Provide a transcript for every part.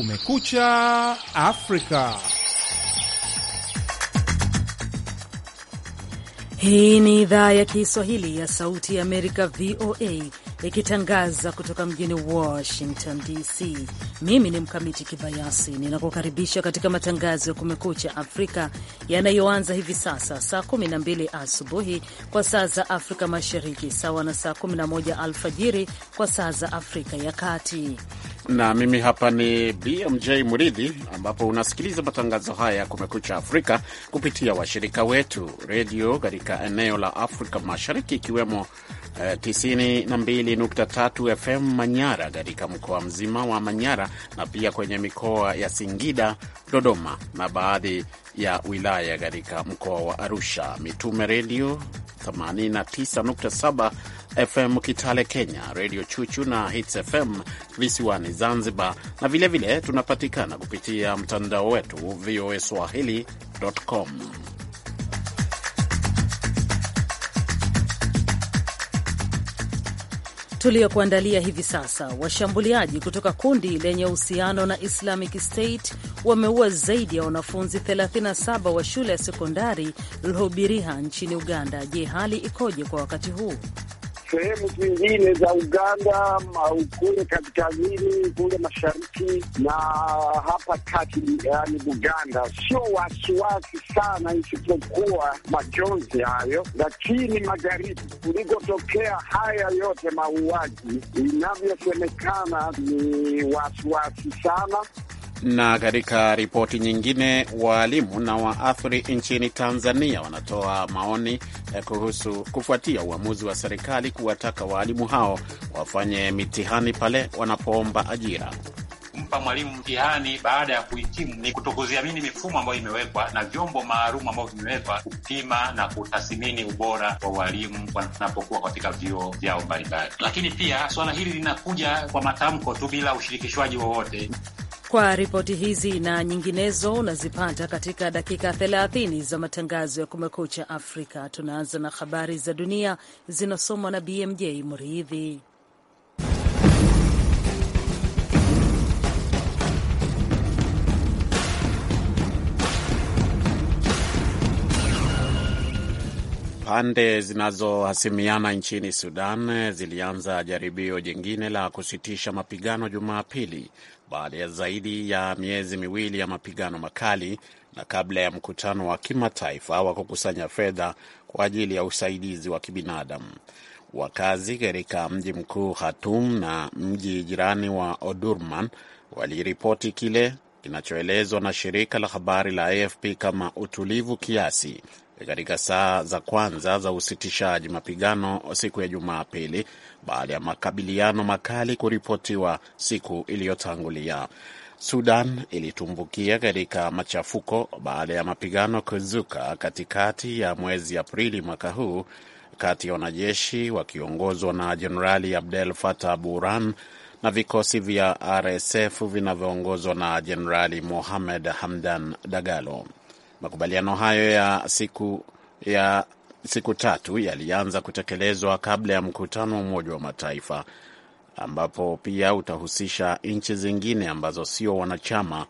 Kumekucha Afrika. Hii ni idhaa ya Kiswahili ya Sauti ya Amerika, VOA, ikitangaza kutoka mjini Washington DC. Mimi ni Mkamiti Kibayasi, ninakukaribisha katika matangazo ya Kumekucha Afrika yanayoanza hivi sasa saa 12 asubuhi kwa saa za Afrika Mashariki, sawa na saa 11 alfajiri kwa saa za Afrika ya Kati na mimi hapa ni BMJ Muridhi, ambapo unasikiliza matangazo haya ya Kumekucha Afrika kupitia washirika wetu redio katika eneo la Afrika Mashariki, ikiwemo eh, 92.3 FM Manyara katika mkoa mzima wa Manyara na pia kwenye mikoa ya Singida, Dodoma na baadhi ya wilaya katika mkoa wa Arusha, Mitume Redio 89.7 FM Kitale Kenya, Redio Chuchu na Hits FM visiwani Zanzibar, na vilevile tunapatikana kupitia mtandao wetu voa swahili.com. tuliyokuandalia hivi sasa. Washambuliaji kutoka kundi lenye uhusiano na Islamic State wameua zaidi ya wanafunzi 37 wa shule ya sekondari Lhobiriha nchini Uganda. Je, hali ikoje kwa wakati huu? sehemu zingine za Uganda au kule kaskazini, kule mashariki na hapa kati, yani Buganda, sio wasiwasi sana, isipokuwa majonzi hayo. Lakini magharibi kulikotokea haya yote mauaji, inavyosemekana ni wasiwasi sana. Na katika ripoti nyingine, waalimu na waathiri nchini Tanzania wanatoa maoni eh, kuhusu kufuatia uamuzi wa serikali kuwataka waalimu hao wafanye mitihani pale wanapoomba ajira. Kumpa mwalimu mtihani baada ya kuhitimu ni kutokuziamini mifumo ambayo imewekwa na vyombo maalum ambavyo vimewekwa kupima na kutathmini ubora wa walimu wanapokuwa katika vyuo vyao mbalimbali. Lakini pia suala hili linakuja kwa matamko tu bila ushirikishwaji wowote. Kwa ripoti hizi na nyinginezo unazipata katika dakika 30 za matangazo ya Kumekucha Afrika. Tunaanza na habari za dunia zinasomwa na BMJ Mridhi. Pande zinazohasimiana nchini Sudan zilianza jaribio jingine la kusitisha mapigano Jumapili baada ya zaidi ya miezi miwili ya mapigano makali na kabla ya mkutano wa kimataifa wa kukusanya fedha kwa ajili ya usaidizi wa kibinadamu. Wakazi katika mji mkuu Khartoum na mji jirani wa Omdurman waliripoti kile kinachoelezwa na shirika la habari la AFP kama utulivu kiasi katika saa za kwanza za usitishaji mapigano siku ya Jumapili baada ya makabiliano makali kuripotiwa siku iliyotangulia. Sudan ilitumbukia katika machafuko baada ya mapigano kuzuka katikati ya mwezi Aprili mwaka huu kati ya wanajeshi wakiongozwa na Jenerali Abdel fatah buran na vikosi vya RSF vinavyoongozwa na Jenerali Mohamed Hamdan Dagalo. Makubaliano hayo ya siku ya siku tatu yalianza kutekelezwa kabla ya mkutano wa Umoja wa Mataifa ambapo pia utahusisha nchi zingine ambazo sio wanachama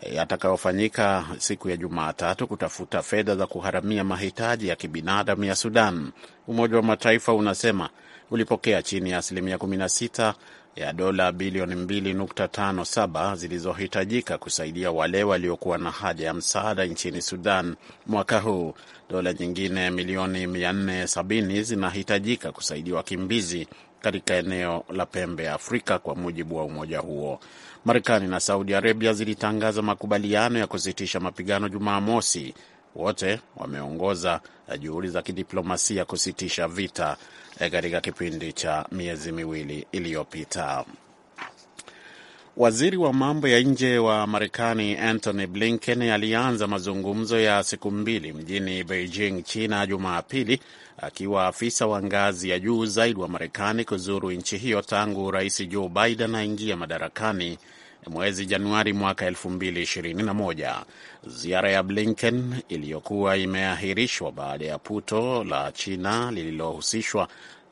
eh, yatakayofanyika siku ya Jumatatu kutafuta fedha za kuharamia mahitaji ya kibinadamu ya Sudan. Umoja wa Mataifa unasema ulipokea chini ya asilimia sita ya dola bilioni 2.57 zilizohitajika kusaidia wale waliokuwa na haja ya msaada nchini Sudan mwaka huu. Dola nyingine milioni 470 zinahitajika kusaidia wakimbizi katika eneo la pembe ya Afrika, kwa mujibu wa umoja huo. Marekani na Saudi Arabia zilitangaza makubaliano ya kusitisha mapigano Jumamosi wote wameongoza eh, juhudi za kidiplomasia kusitisha vita eh, katika kipindi cha miezi miwili iliyopita. Waziri wa mambo ya nje wa Marekani Antony Blinken alianza mazungumzo ya siku mbili mjini Beijing, China, Jumapili, akiwa afisa wa ngazi ya juu zaidi wa Marekani kuzuru nchi hiyo tangu Rais Joe Biden aingia madarakani mwezi Januari mwaka 2021. Ziara ya Blinken iliyokuwa imeahirishwa baada ya puto la China lililohusishwa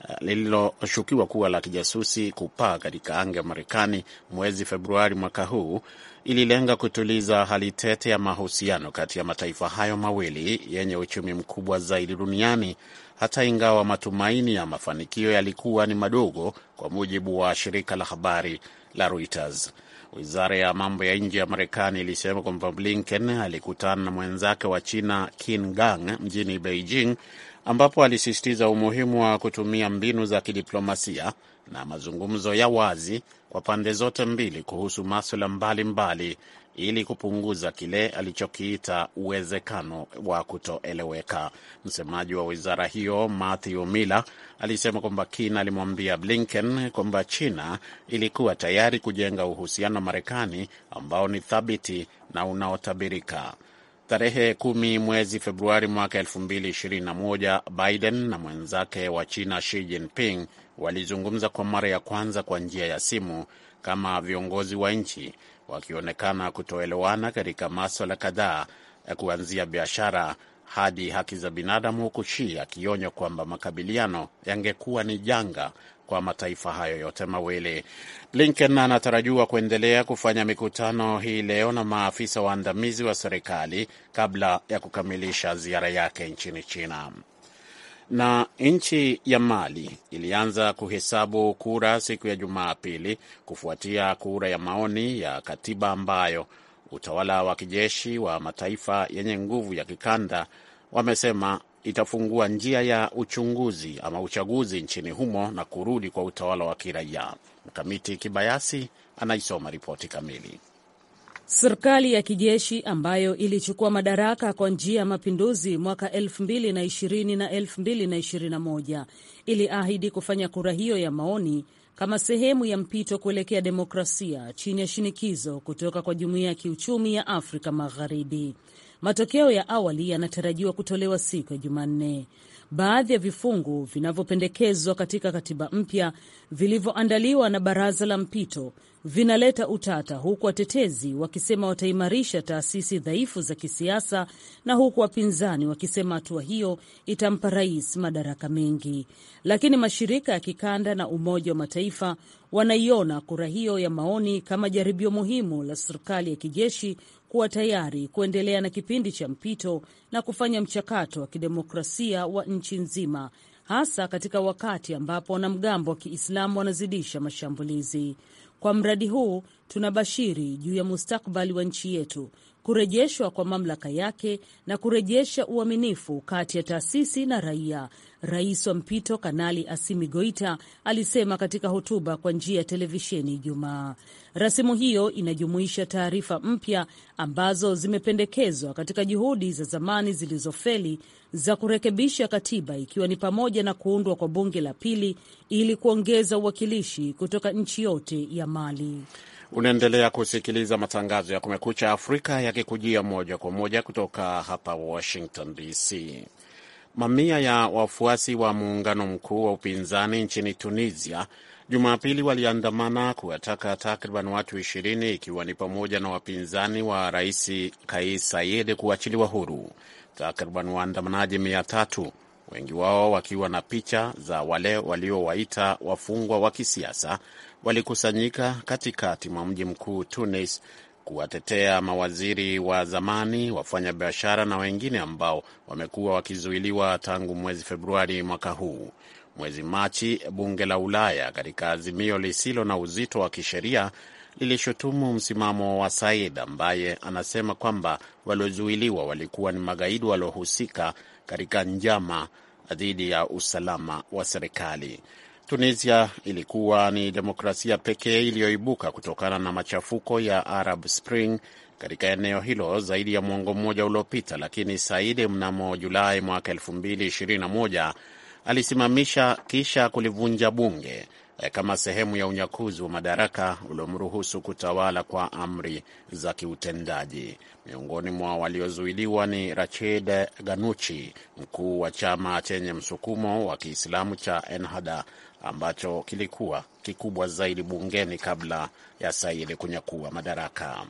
eh, lililoshukiwa kuwa la kijasusi kupaa katika anga ya Marekani mwezi Februari mwaka huu ililenga kutuliza hali tete ya mahusiano kati ya mataifa hayo mawili yenye uchumi mkubwa zaidi duniani, hata ingawa matumaini ya mafanikio yalikuwa ni madogo, kwa mujibu wa shirika la habari la Reuters. Wizara ya mambo ya nje ya Marekani ilisema kwamba Blinken alikutana na mwenzake wa China Qin Gang mjini Beijing, ambapo alisisitiza umuhimu wa kutumia mbinu za kidiplomasia na mazungumzo ya wazi kwa pande zote mbili kuhusu maswala mbalimbali ili kupunguza kile alichokiita uwezekano wa kutoeleweka. Msemaji wa wizara hiyo Matthew Miller alisema kwamba kina alimwambia Blinken kwamba China ilikuwa tayari kujenga uhusiano na Marekani ambao ni thabiti na unaotabirika. Tarehe kumi mwezi Februari mwaka moja Biden na mwenzake wa China Xi Jinping walizungumza kwa mara ya kwanza kwa njia ya simu kama viongozi wa nchi, wakionekana kutoelewana katika maswala kadhaa ya eh, kuanzia biashara hadi haki za binadamu, huku Xi akionya kwamba makabiliano yangekuwa ni janga kwa mataifa hayo yote mawili. Blinken anatarajiwa kuendelea kufanya mikutano hii leo na maafisa waandamizi wa serikali kabla ya kukamilisha ziara yake nchini China. Na nchi ya Mali ilianza kuhesabu kura siku ya Jumapili kufuatia kura ya maoni ya katiba ambayo utawala wa kijeshi wa mataifa yenye nguvu ya kikanda wamesema itafungua njia ya uchunguzi ama uchaguzi nchini humo na kurudi kwa utawala wa kiraia. Mkamiti Kibayasi anaisoma ripoti kamili. Serikali ya kijeshi ambayo ilichukua madaraka kwa njia ya mapinduzi mwaka 2020 na 2021 iliahidi kufanya kura hiyo ya maoni kama sehemu ya mpito kuelekea demokrasia chini ya shinikizo kutoka kwa jumuiya ya kiuchumi ya Afrika Magharibi. Matokeo ya awali yanatarajiwa kutolewa siku ya Jumanne. Baadhi ya vifungu vinavyopendekezwa katika katiba mpya vilivyoandaliwa na baraza la mpito vinaleta utata, huku watetezi wakisema wataimarisha taasisi dhaifu za kisiasa na huku wapinzani wakisema hatua hiyo itampa rais madaraka mengi. Lakini mashirika ya kikanda na Umoja wa Mataifa wanaiona kura hiyo ya maoni kama jaribio muhimu la serikali ya kijeshi kuwa tayari kuendelea na kipindi cha mpito na kufanya mchakato wa kidemokrasia wa nchi nzima, hasa katika wakati ambapo wanamgambo wa Kiislamu wanazidisha mashambulizi. Kwa mradi huu tunabashiri juu ya mustakbali wa nchi yetu kurejeshwa kwa mamlaka yake na kurejesha uaminifu kati ya taasisi na raia. Rais wa mpito Kanali Asimi Goita alisema katika hotuba kwa njia ya televisheni Ijumaa. Rasimu hiyo inajumuisha taarifa mpya ambazo zimependekezwa katika juhudi za zamani zilizofeli za kurekebisha katiba, ikiwa ni pamoja na kuundwa kwa bunge la pili ili kuongeza uwakilishi kutoka nchi yote ya Mali. Unaendelea kusikiliza matangazo ya Kumekucha Afrika yakikujia moja kwa moja kutoka hapa Washington DC. Mamia ya wafuasi wa muungano mkuu wa upinzani nchini Tunisia Jumapili waliandamana kuwataka takriban watu ishirini ikiwa ni pamoja na wapinzani wa rais Kais Saied kuachiliwa huru. Takriban waandamanaji mia tatu wengi wao wakiwa na picha za wale waliowaita wafungwa wa kisiasa, walikusanyika katikati mwa mji mkuu Tunis kuwatetea mawaziri wa zamani, wafanyabiashara na wengine ambao wamekuwa wakizuiliwa tangu mwezi Februari mwaka huu. Mwezi Machi, bunge la Ulaya katika azimio lisilo na uzito wa kisheria lilishutumu msimamo wa Said ambaye anasema kwamba waliozuiliwa walikuwa ni magaidi waliohusika katika njama dhidi ya usalama wa serikali. Tunisia ilikuwa ni demokrasia pekee iliyoibuka kutokana na machafuko ya Arab Spring katika eneo hilo zaidi ya mwongo mmoja uliopita, lakini Saidi mnamo Julai mwaka 2021 alisimamisha kisha kulivunja bunge Eh, kama sehemu ya unyakuzi wa madaraka uliomruhusu kutawala kwa amri za kiutendaji. Miongoni mwa waliozuiliwa ni Rached Ganuchi, mkuu wa chama chenye msukumo wa Kiislamu cha Ennahda ambacho kilikuwa kikubwa zaidi bungeni kabla ya Said kunyakua madaraka.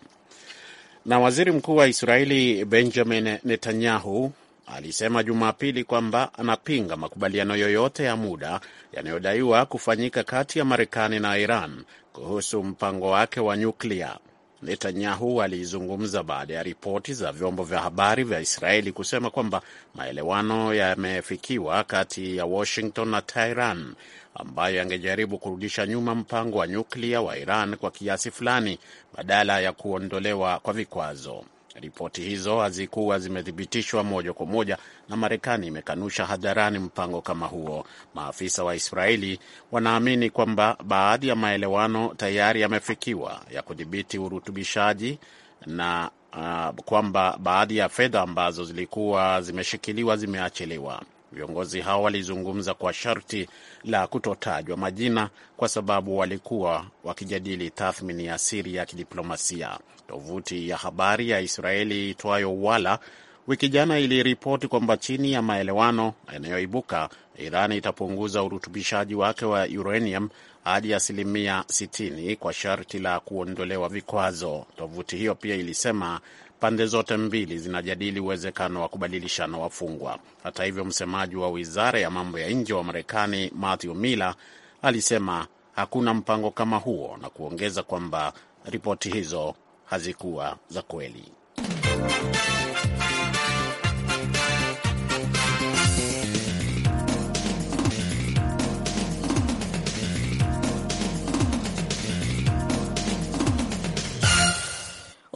Na waziri mkuu wa Israeli Benjamin Netanyahu alisema Jumapili kwamba anapinga makubaliano yoyote ya muda yanayodaiwa kufanyika kati ya Marekani na Iran kuhusu mpango wake wa nyuklia. Netanyahu alizungumza baada ya ripoti za vyombo vya habari vya Israeli kusema kwamba maelewano yamefikiwa kati ya Washington na Tehran ambayo yangejaribu kurudisha nyuma mpango wa nyuklia wa Iran kwa kiasi fulani badala ya kuondolewa kwa vikwazo. Ripoti hizo hazikuwa zimethibitishwa moja kwa moja, na Marekani imekanusha hadharani mpango kama huo. Maafisa wa Israeli wanaamini kwamba baadhi ya maelewano tayari yamefikiwa ya kudhibiti urutubishaji na uh, kwamba baadhi ya fedha ambazo zilikuwa zimeshikiliwa zimeachiliwa. Viongozi hao walizungumza kwa sharti la kutotajwa majina kwa sababu walikuwa wakijadili tathmini ya siri ya kidiplomasia. Tovuti ya habari ya Israeli itwayo wala wiki jana iliripoti kwamba chini ya maelewano yanayoibuka, Iran itapunguza urutubishaji wake wa uranium hadi asilimia 60 kwa sharti la kuondolewa vikwazo. Tovuti hiyo pia ilisema pande zote mbili zinajadili uwezekano wa kubadilishana wafungwa. Hata hivyo, msemaji wa wizara ya mambo ya nje wa Marekani Matthew Miller alisema hakuna mpango kama huo na kuongeza kwamba ripoti hizo hazikuwa za kweli.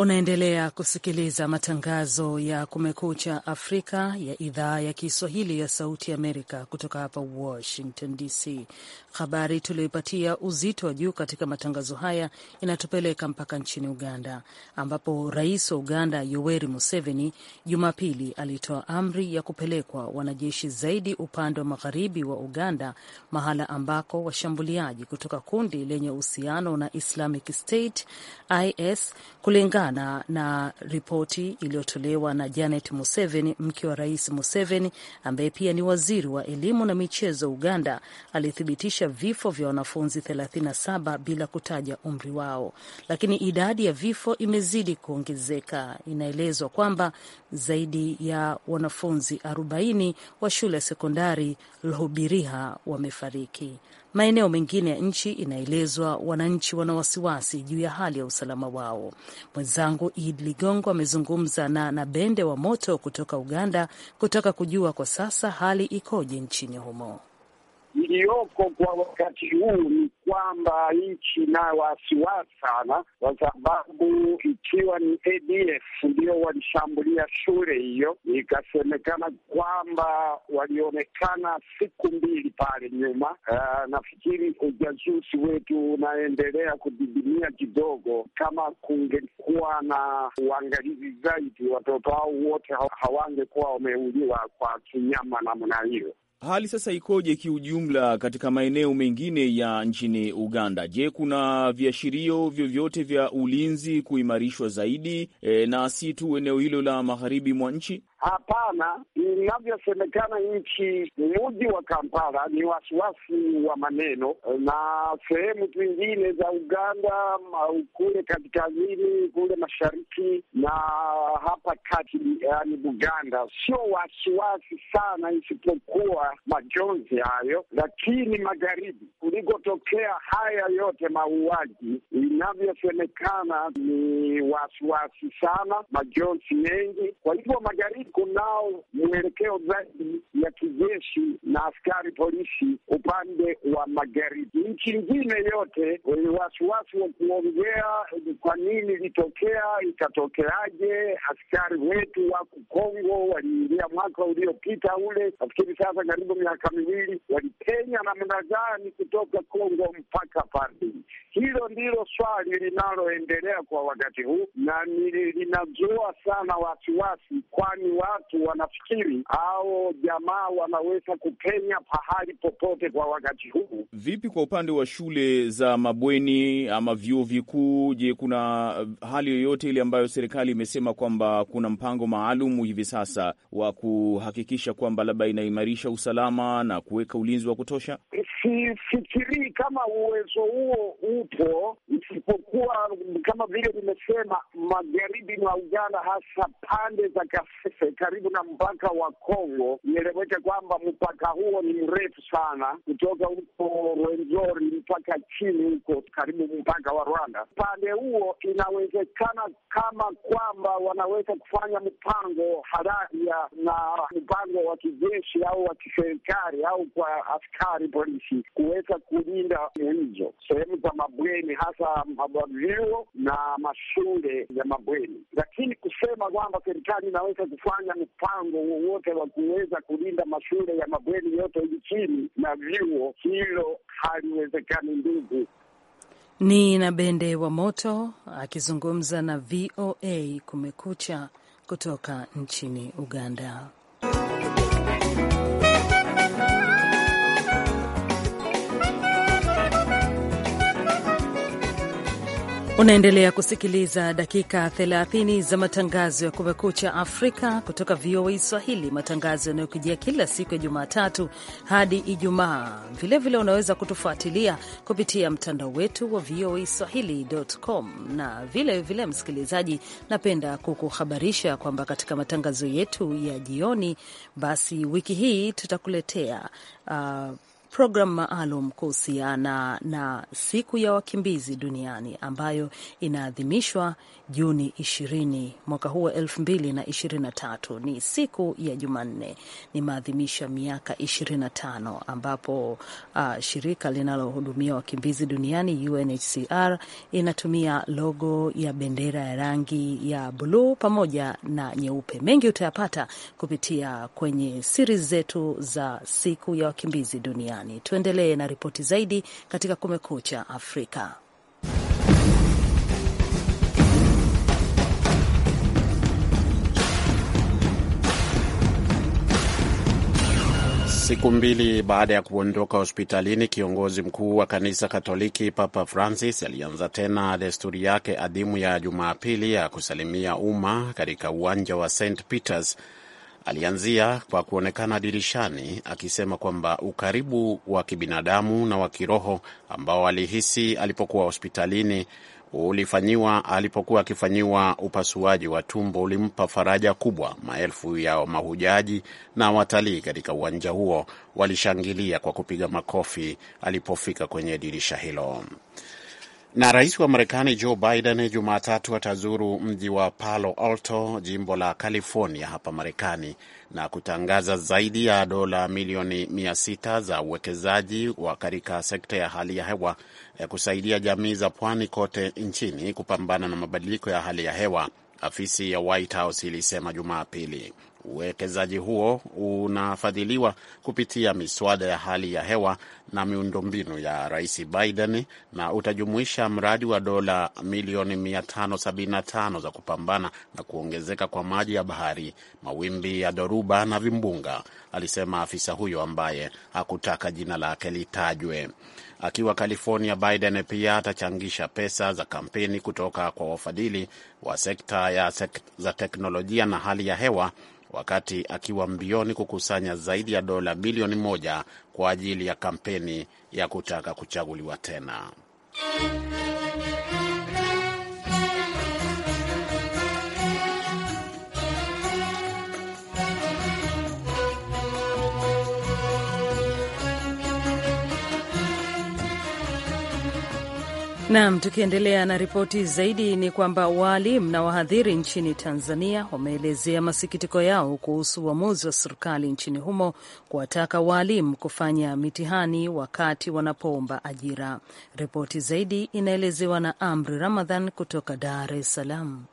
Unaendelea kusikiliza matangazo ya Kumekucha Afrika ya idhaa ya Kiswahili ya Sauti Amerika kutoka hapa Washington DC. Habari tuliyoipatia uzito wa juu katika matangazo haya inatupeleka mpaka nchini Uganda, ambapo rais wa Uganda Yoweri Museveni Jumapili alitoa amri ya kupelekwa wanajeshi zaidi upande wa magharibi wa Uganda, mahala ambako washambuliaji kutoka kundi lenye uhusiano na Islamic State IS kulingana kutokana na ripoti iliyotolewa na Janet Museveni, mke wa Rais Museveni, ambaye pia ni waziri wa elimu na michezo Uganda, alithibitisha vifo vya wanafunzi 37 bila kutaja umri wao, lakini idadi ya vifo imezidi kuongezeka. Inaelezwa kwamba zaidi ya wanafunzi 40 wa shule ya sekondari Lhubiriha wamefariki. Maeneo mengine ya nchi inaelezwa wananchi wana wasiwasi juu ya hali ya usalama wao. Mwenzangu Id Ligongo amezungumza na Nabende wa Moto kutoka Uganda kutaka kujua kwa sasa hali ikoje nchini humo iliyoko kwa wakati huu ni kwamba nchi na wasiwasi sana, kwa sababu ikiwa ni ADF ndio walishambulia shule hiyo, ikasemekana kwamba walionekana siku mbili pale nyuma. Uh, nafikiri ujasusi wetu unaendelea kudidimia kidogo. Kama kungekuwa na uangalizi zaidi, watoto hao wote hawangekuwa wameuliwa kwa kinyama namna hiyo. Hali sasa ikoje kiujumla katika maeneo mengine ya nchini Uganda? Je, kuna viashirio vyovyote vya ulinzi kuimarishwa zaidi e, na si tu eneo hilo la magharibi mwa nchi? Hapana, inavyosemekana nchi mji wa Kampala ni wasiwasi wa maneno, na sehemu zingine za Uganda kule kaskazini, kule mashariki na hapa kati, yani Buganda, sio wasiwasi sana, isipokuwa majonzi hayo. Lakini magharibi kulikotokea haya yote mauaji, inavyosemekana ni wasiwasi sana, majonzi mengi. Kwa hivyo magharibi kunao mwelekeo zaidi ya kijeshi na askari polisi upande wa magharibi. Nchi nyingine yote wasiwasi wa kuongea kwa nini ilitokea, ikatokeaje? Askari wetu wako Kongo, waliingia mwaka uliopita ule, nafikiri sasa karibu miaka miwili, walipenya namna gani kutoka Kongo mpaka Paris? Hilo ndilo swali linaloendelea kwa wakati huu na linazua sana wasiwasi, kwani watu wanafikiri au jamaa wanaweza kupenya pahali popote kwa wakati huu. Vipi kwa upande wa shule za mabweni ama vyuo vikuu? Je, kuna eh, hali yoyote ile ambayo serikali imesema kwamba kuna mpango maalum hivi sasa wa kuhakikisha kwamba labda inaimarisha usalama na kuweka ulinzi wa kutosha? Sifikirii kama uwezo huo upo, isipokuwa kama vile nimesema, magharibi mwa Uganda, hasa pande za Kasese karibu na mpaka wa Kongo. Ieleweke kwamba mpaka huo ni mrefu sana, kutoka huko Rwenzori mpaka chini huko karibu mpaka wa Rwanda. Upande huo inawezekana kama kwamba wanaweza kufanya mpango halali na mpango wa kijeshi au wa kiserikali au kwa askari polisi kuweza kulinda hizo sehemu za mabweni, hasa mavyuo na mashule ya mabweni, lakini kusema kwamba serikali inaweza kufanya kufanya mpango wowote wa kuweza kulinda mashule ya mabweni yote nchini na vyuo, hilo haliwezekani ndugu. Ni na Bende wa Moto akizungumza na VOA Kumekucha kutoka nchini Uganda. Unaendelea kusikiliza dakika 30 za matangazo ya Kumekucha Afrika kutoka VOA Swahili, matangazo yanayokujia kila siku ya Jumatatu hadi Ijumaa. Vilevile unaweza kutufuatilia kupitia mtandao wetu wa VOA Swahili.com. Na vilevile vile, msikilizaji, napenda kukuhabarisha kwamba katika matangazo yetu ya jioni, basi wiki hii tutakuletea uh, programu maalum kuhusiana na siku ya wakimbizi duniani ambayo inaadhimishwa Juni 20 mwaka huu wa 2023. Ni siku ya Jumanne, ni ya miaka 25 ambapo uh, shirika linalohudumia wakimbizi duniani UNHCR inatumia logo ya bendera ya rangi ya bluu pamoja na nyeupe. Mengi utayapata kupitia kwenye siri zetu za siku ya wakimbizi duniani. Marekani. Tuendelee na ripoti zaidi katika Kumekucha Afrika. Siku mbili baada ya kuondoka hospitalini, kiongozi mkuu wa kanisa Katoliki Papa Francis alianza tena desturi yake adhimu ya Jumapili ya kusalimia umma katika uwanja wa St Peters Alianzia kwa kuonekana dirishani akisema kwamba ukaribu wa kibinadamu na wa kiroho ambao alihisi alipokuwa hospitalini ulifanyiwa alipokuwa akifanyiwa upasuaji wa tumbo ulimpa faraja kubwa. Maelfu ya mahujaji na watalii katika uwanja huo walishangilia kwa kupiga makofi alipofika kwenye dirisha hilo. Na rais wa Marekani Joe Biden Jumatatu atazuru mji wa Palo Alto, jimbo la California hapa Marekani, na kutangaza zaidi ya dola milioni mia sita za uwekezaji wa katika sekta ya hali ya hewa eh, kusaidia jamii za pwani kote nchini kupambana na mabadiliko ya hali ya hewa afisi ya White House ilisema Jumapili. Uwekezaji huo unafadhiliwa kupitia miswada ya hali ya hewa na miundombinu ya Rais Biden na utajumuisha mradi wa dola milioni 575 za kupambana na kuongezeka kwa maji ya bahari, mawimbi ya dhoruba na vimbunga, alisema afisa huyo ambaye hakutaka jina lake litajwe. Akiwa California, Biden pia atachangisha pesa za kampeni kutoka kwa wafadhili wa sekta ya sek za teknolojia na hali ya hewa, wakati akiwa mbioni kukusanya zaidi ya dola bilioni moja kwa ajili ya kampeni ya kutaka kuchaguliwa tena. Nam, tukiendelea na ripoti zaidi ni kwamba waalimu na wahadhiri nchini Tanzania wameelezea masikitiko yao kuhusu uamuzi wa serikali nchini humo kuwataka waalimu kufanya mitihani wakati wanapoomba ajira. Ripoti zaidi inaelezewa na Amri Ramadhan kutoka Dar es Salaam.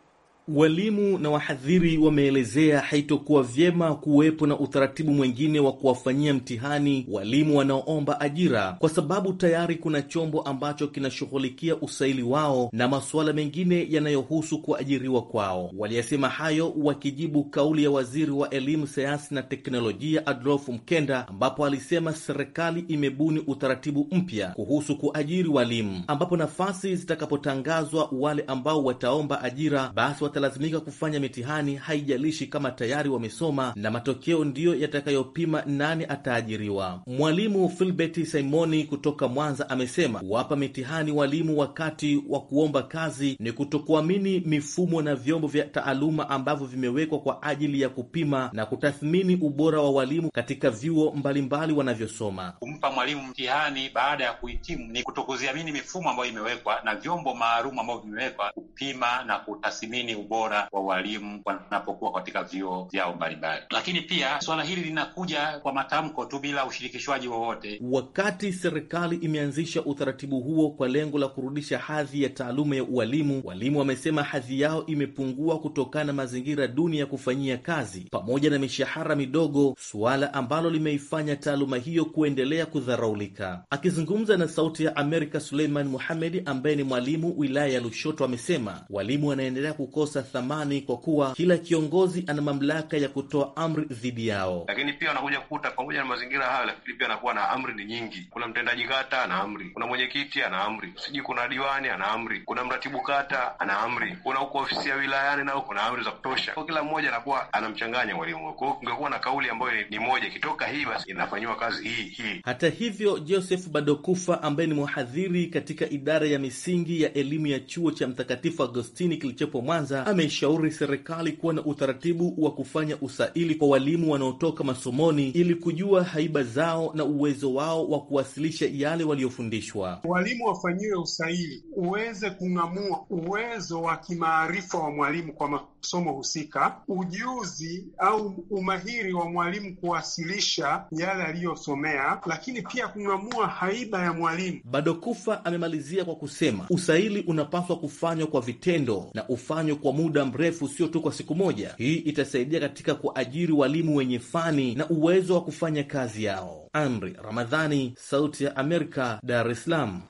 Walimu na wahadhiri wameelezea haitokuwa vyema kuwepo na utaratibu mwingine wa kuwafanyia mtihani walimu wanaoomba ajira, kwa sababu tayari kuna chombo ambacho kinashughulikia usaili wao na masuala mengine yanayohusu kuajiriwa kwao. Waliyasema hayo wakijibu kauli ya waziri wa elimu, sayansi na teknolojia Adolf Mkenda, ambapo alisema serikali imebuni utaratibu mpya kuhusu kuajiri walimu, ambapo nafasi zitakapotangazwa wale ambao wataomba ajira basi watalazimika kufanya mitihani, haijalishi kama tayari wamesoma, na matokeo ndiyo yatakayopima nani ataajiriwa. Mwalimu Filbert Simoni kutoka Mwanza amesema kuwapa mitihani walimu wakati wa kuomba kazi ni kutokuamini mifumo na vyombo vya taaluma ambavyo vimewekwa kwa ajili ya kupima na kutathmini ubora wa walimu katika vyuo mbalimbali wanavyosoma. Kumpa mwalimu mtihani baada ya kuhitimu ni kutokuziamini mifumo ambayo imewekwa na vyombo maalum ambavyo vimewekwa kupima na kutathmini ubora wa walimu wanapokuwa katika vyuo vyao mbalimbali. Lakini pia suala hili linakuja kwa matamko tu bila ushirikishwaji wowote. Wakati serikali imeanzisha utaratibu huo kwa lengo la kurudisha hadhi ya taaluma ya ualimu, walimu wamesema hadhi yao imepungua kutokana na mazingira duni ya kufanyia kazi pamoja na mishahara midogo, suala ambalo limeifanya taaluma hiyo kuendelea kudharaulika. Akizungumza na Sauti ya Amerika, Suleiman Muhamedi ambaye ni mwalimu wilaya ya Lushoto amesema walimu wanaendelea kukosa kukosa thamani kwa kuwa kila kiongozi ana mamlaka ya kutoa amri dhidi yao. Lakini pia wanakuja kukuta pamoja na mazingira hayo, lakini pia anakuwa na amri ni nyingi. Kuna mtendaji kata ana amri, kuna mwenyekiti ana amri, sijui kuna diwani ana amri, kuna mratibu kata ana amri, kuna huko ofisi ya wilayani nao kuna amri za kutosha. Kwa kila mmoja anakuwa anamchanganya mwalimu. Kwa hiyo kungekuwa na kauli ambayo ni moja, ikitoka hii basi inafanyiwa kazi hii hii. Hata hivyo, Joseph Badokufa ambaye ni mhadhiri katika idara ya misingi ya elimu ya chuo cha Mtakatifu Agostini kilichopo Mwanza ameishauri serikali kuwa na utaratibu wa kufanya usaili kwa walimu wanaotoka masomoni ili kujua haiba zao na uwezo wao wa kuwasilisha yale waliofundishwa. Walimu wafanyiwe usaili uweze kung'amua uwezo wa kimaarifa wa mwalimu kwa ma somo husika, ujuzi au umahiri wa mwalimu kuwasilisha yale aliyosomea, lakini pia kung'amua haiba ya mwalimu. bado kufa amemalizia kwa kusema usaili unapaswa kufanywa kwa vitendo na ufanywe kwa muda mrefu, sio tu kwa siku moja. Hii itasaidia katika kuajiri walimu wenye fani na uwezo wa kufanya kazi yao. Amri Ramadhani, Sauti ya Amerika, Dar es Salaam.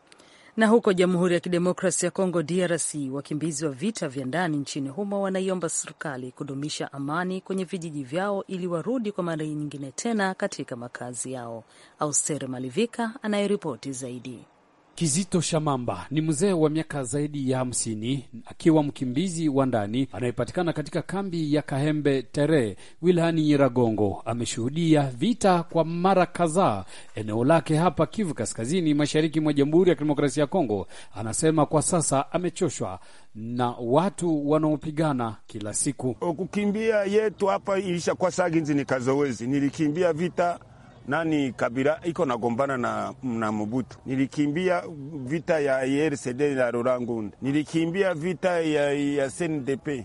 Na huko Jamhuri ya Kidemokrasi ya Kongo, DRC, wakimbizi wa vita vya ndani nchini humo wanaiomba serikali kudumisha amani kwenye vijiji vyao ili warudi kwa mara nyingine tena katika makazi yao. Auster Malivika anayeripoti zaidi. Kizito Shamamba ni mzee wa miaka zaidi ya hamsini akiwa mkimbizi wa ndani anayepatikana katika kambi ya Kahembe Tere wilayani Nyiragongo. Ameshuhudia vita kwa mara kadhaa eneo lake hapa Kivu Kaskazini, mashariki mwa Jamhuri ya Kidemokrasia ya Kongo. Anasema kwa sasa amechoshwa na watu wanaopigana kila siku. Kukimbia yetu hapa ilisha kwa ni nikazowezi nilikimbia vita nani Kabila iko nagombana na, na Mubutu. Nilikimbia vita ya IRCD la Rurangunda, nilikimbia vita ya, ya CNDP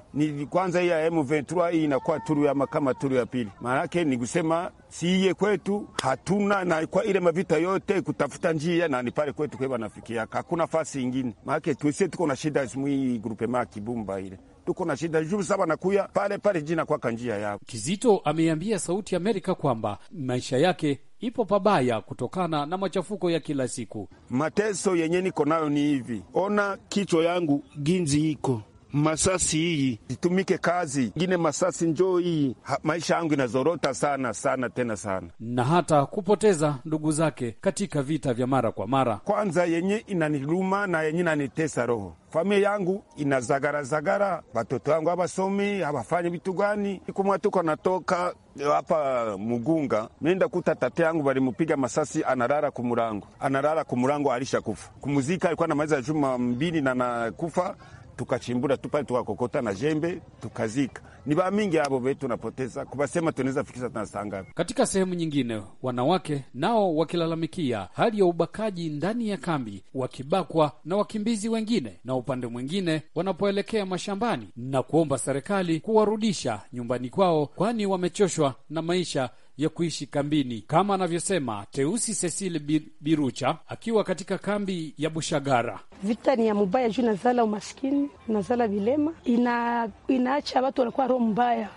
kwanza ya M23 hii inakuwa turu ya makama turu ya pili, maanake ni kusema siye kwetu hatuna na kwa ile mavita yote kutafuta njia na ni pale kwetu kwa nafikia hakuna fasi ingine, maanake tusie tuko na shida simu hii grupe ma kibumba ile tuko na shida juu saba nakuya pale pale jina kwaka njia yao. Kizito ameiambia Sauti Amerika kwamba maisha yake ipo pabaya kutokana na machafuko ya kila siku. Mateso yenye niko nayo ni hivi, ona kichwa yangu ginzi iko masasi hii itumike kazi ingine, masasi njoo hii ha, maisha yangu inazorota sana sana tena sana, na hata kupoteza ndugu zake katika vita vya mara kwa mara. Kwanza yenye inaniluma na yenye inanitesa roho familia yangu inazagarazagara, watoto wangu hawasomi, hawafanyi vitu gani. Kumwatuko natoka eh, hapa Mugunga, menda kuta tate yangu walimupiga masasi, analala kumurango, analala kumurango, alisha kufa kumuzika. Alikuwa na ya juma mbili na nakufa tukachimbura tu pale tukakokota na jembe tukazika. Ni ba mingi abo vetu tunapoteza kubasema, tunaweza fikisha tunasanga. Katika sehemu nyingine, wanawake nao wakilalamikia hali ya ubakaji ndani ya kambi, wakibakwa na wakimbizi wengine, na upande mwingine wanapoelekea mashambani na kuomba serikali kuwarudisha nyumbani kwao, kwani wamechoshwa na maisha ya kuishi kambini, kama anavyosema Teusi Cecil Birucha akiwa katika kambi ya Bushagara. Vita ni ya mubaya juu inazala umaskini, inazala vilema, ina inaacha watu wanakuwa roho mbaya.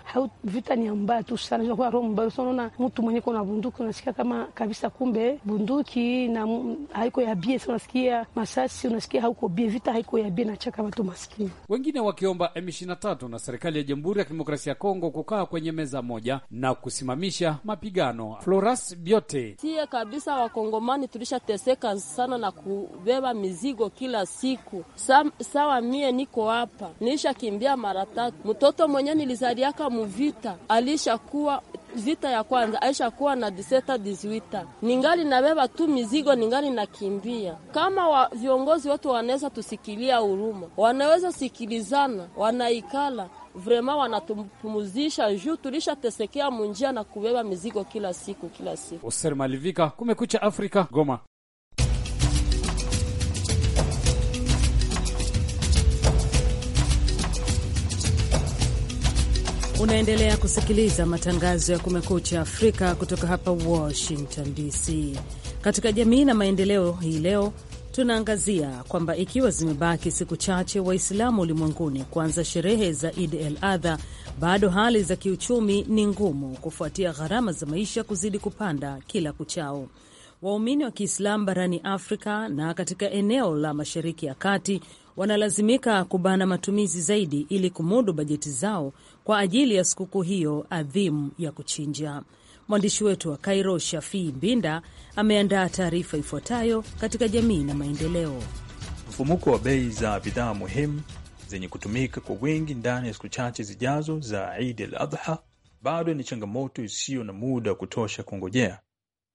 Vita ni ya mbaya tu sana, nakuwa roho mbaya. Unaona mtu mwenye kona bunduki unasikia kama kabisa, kumbe bunduki na haiko ya bie. Unasikia masasi, unasikia hauko bie, vita haiko ya bie, nachaka watu maskini. Wengine wakiomba M23 na serikali ya Jamhuri ya Kidemokrasia ya Kongo kukaa kwenye meza moja na kusimamisha mapigano. Floras Biote: sie kabisa wakongomani tulishateseka sana na kubeba mizigo kila siku. Sa, sawa mie niko hapa niisha kimbia mara tatu, mtoto mwenye nilizaliaka muvita alishakuwa vita ya kwanza aishakuwa na diseta diswita, ningali nabeba tu mizigo, ningali nakimbia. Kama wa viongozi wote wanaweza tusikilia huruma, wanaweza sikilizana, wanaikala vrema wanatupumuzisha juu tulishatesekea munjia na kubeba mizigo kila siku kila siku. Oser Malivika, Kumekucha Afrika, Goma. Unaendelea kusikiliza matangazo ya Kumekucha Afrika kutoka hapa Washington DC. Katika jamii na maendeleo hii leo tunaangazia kwamba ikiwa zimebaki siku chache Waislamu ulimwenguni kuanza sherehe za Id el Adha, bado hali za kiuchumi ni ngumu kufuatia gharama za maisha kuzidi kupanda kila kuchao. Waumini wa Kiislamu barani Afrika na katika eneo la Mashariki ya Kati wanalazimika kubana matumizi zaidi ili kumudu bajeti zao kwa ajili ya sikukuu hiyo adhimu ya kuchinja. Mwandishi wetu wa Kairo, Shafii Mbinda, ameandaa taarifa ifuatayo katika jamii na maendeleo. Mfumuko wa bei za bidhaa muhimu zenye kutumika kwa wingi ndani ya siku chache zijazo za Idi al Adha bado ni changamoto isiyo na muda wa kutosha kungojea.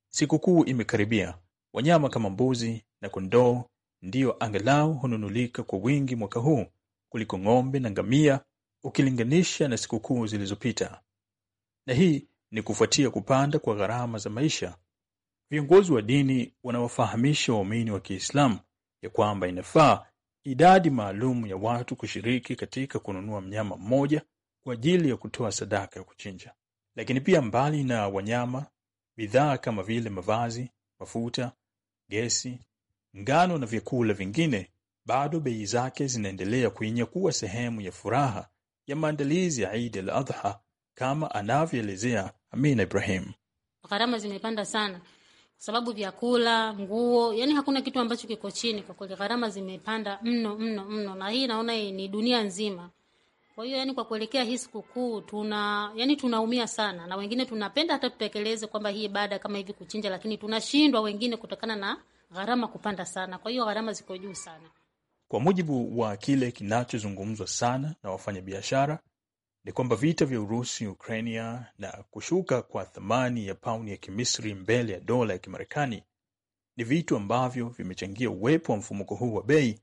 Sikukuu imekaribia. Wanyama kama mbuzi na kondoo ndiyo angalau hununulika kwa wingi mwaka huu kuliko ng'ombe na ngamia ukilinganisha na sikukuu zilizopita, na hii ni kufuatia kupanda kwa gharama za maisha. Viongozi wa dini wanawafahamisha waumini wa Kiislamu ya kwamba inafaa idadi maalum ya watu kushiriki katika kununua mnyama mmoja kwa ajili ya kutoa sadaka ya kuchinja. Lakini pia mbali na wanyama, bidhaa kama vile mavazi, mafuta, gesi, ngano na vyakula vingine bado bei zake zinaendelea kuinyakua sehemu ya furaha ya maandalizi ya Idi al Adha, kama anavyoelezea Amina Ibrahim. Gharama zimepanda sana kwa sababu vyakula, nguo, yani hakuna kitu ambacho kiko chini. Kwa kweli gharama zimepanda mno mno mno, na hii naona ni dunia nzima. Kwa hiyo yani, kwa kuelekea hii sikukuu tuna yani tunaumia sana, na wengine tunapenda hata tutekeleze kwamba hii ibada kama hivi kuchinja, lakini tunashindwa wengine kutokana na gharama kupanda sana. Kwa hiyo gharama ziko juu sana, kwa mujibu wa kile kinachozungumzwa sana na wafanyabiashara ni kwamba vita vya Urusi Ukrainia na kushuka kwa thamani ya pauni ya Kimisri mbele ya dola ya Kimarekani ni vitu ambavyo vimechangia uwepo wa mfumuko huu wa bei,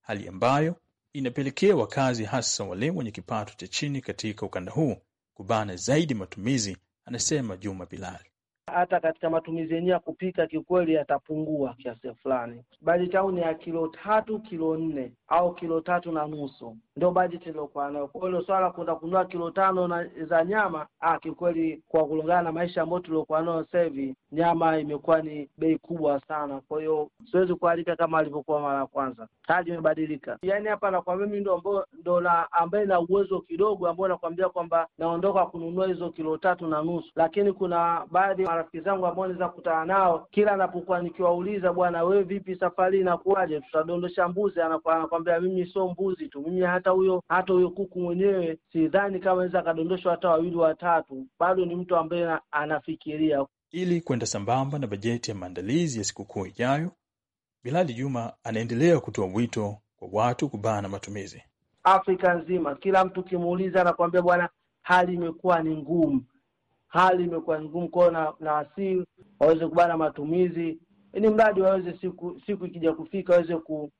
hali ambayo inapelekea wakazi hasa wale wenye kipato cha chini katika ukanda huu kubana zaidi matumizi, anasema Juma Bilali hata katika matumizi yenyewe ya kupika kiukweli yatapungua kiasi fulani. Bajeti yangu ni ya kilo tatu kilo nne au kilo tatu na nusu ndio bajeti iliyokuwa nayo. Kwa hiyo swala kwenda kununua kilo tano na za nyama ah, kiukweli kwa kulingana na maisha ambayo tuliokuwa nayo sasa hivi, nyama imekuwa ni bei kubwa sana. Kwa hiyo siwezi kualika kama alivyokuwa mara ya kwanza, hali imebadilika. Yani hapa nakwambia mimi ndo ndo na ambaye na uwezo kidogo, ambao nakwambia kwamba naondoka kununua hizo kilo tatu na nusu, lakini kuna baadhi marafiki zangu ambao naweza kukutana nao, kila anapokuwa nikiwauliza, bwana wewe vipi, safari inakuwaje, tutadondosha mbuzi, anakwambia mimi sio mbuzi tu, mimi hata huyo hata huyo kuku mwenyewe sidhani kama anaweza akadondoshwa hata wawili watatu. Bado ni mtu ambaye anafikiria. Ili kwenda sambamba na bajeti ya maandalizi ya sikukuu ijayo, Bilali Juma anaendelea kutoa wito kwa watu kubana matumizi. Afrika nzima, kila mtu ukimuuliza anakuambia bwana, hali imekuwa ni ngumu hali imekuwa ngumu kwao na, na asili waweze kubana matumizi ni yaani mradi waweze siku siku ikija kufika waweze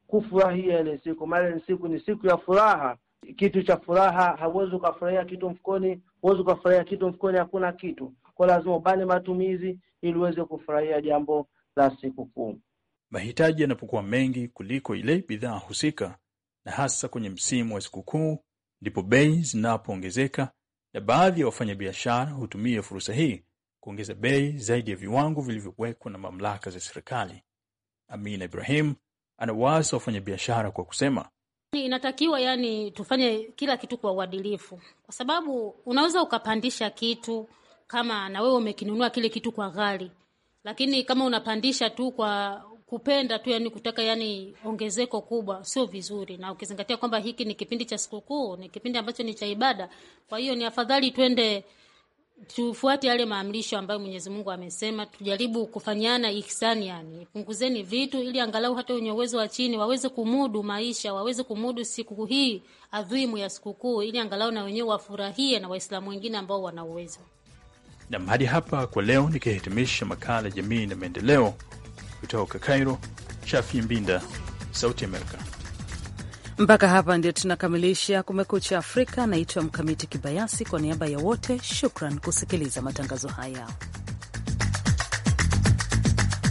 kufurahia ile siku, maana siku ni siku ya furaha, kitu cha furaha. Hauwezi ukafurahia kitu mfukoni, huwezi ukafurahia kitu mfukoni, hakuna kitu kwao. lazima ubane matumizi ili uweze kufurahia jambo la sikukuu. Mahitaji yanapokuwa mengi kuliko ile bidhaa husika, na hasa kwenye msimu wa sikukuu, ndipo bei zinapoongezeka na baadhi ya wafanyabiashara hutumia fursa hii kuongeza bei zaidi ya viwango vilivyowekwa na mamlaka za serikali. Amina Ibrahim anawaasa wafanyabiashara kwa kusema Inatakiwa yani tufanye kila kitu kwa uadilifu, kwa sababu unaweza ukapandisha kitu kama na wewe umekinunua kile kitu kwa ghali, lakini kama unapandisha tu kwa kupenda tu yani kutaka yani ongezeko kubwa sio vizuri, na ukizingatia kwamba hiki ni kipindi cha sikukuu, ni kipindi ambacho ni cha ibada. Kwa hiyo ni afadhali twende tufuate yale maamrisho ambayo Mwenyezi Mungu amesema, tujaribu kufanyana ihsani, yani punguzeni vitu ili angalau hata wenye uwezo wa chini waweze kumudu maisha, waweze kumudu siku hii adhimu ya sikukuu, ili angalau na wenyewe wafurahie na Waislamu wengine ambao wana uwezo. Nam, hadi hapa kwa leo nikihitimisha makala ya jamii na maendeleo kutoka Cairo, Shafi Mbinda, Sauti Amerika. Mpaka hapa ndio tunakamilisha Kumekucha Afrika. Naitwa Mkamiti Kibayasi, kwa niaba ya wote, shukran kusikiliza matangazo haya.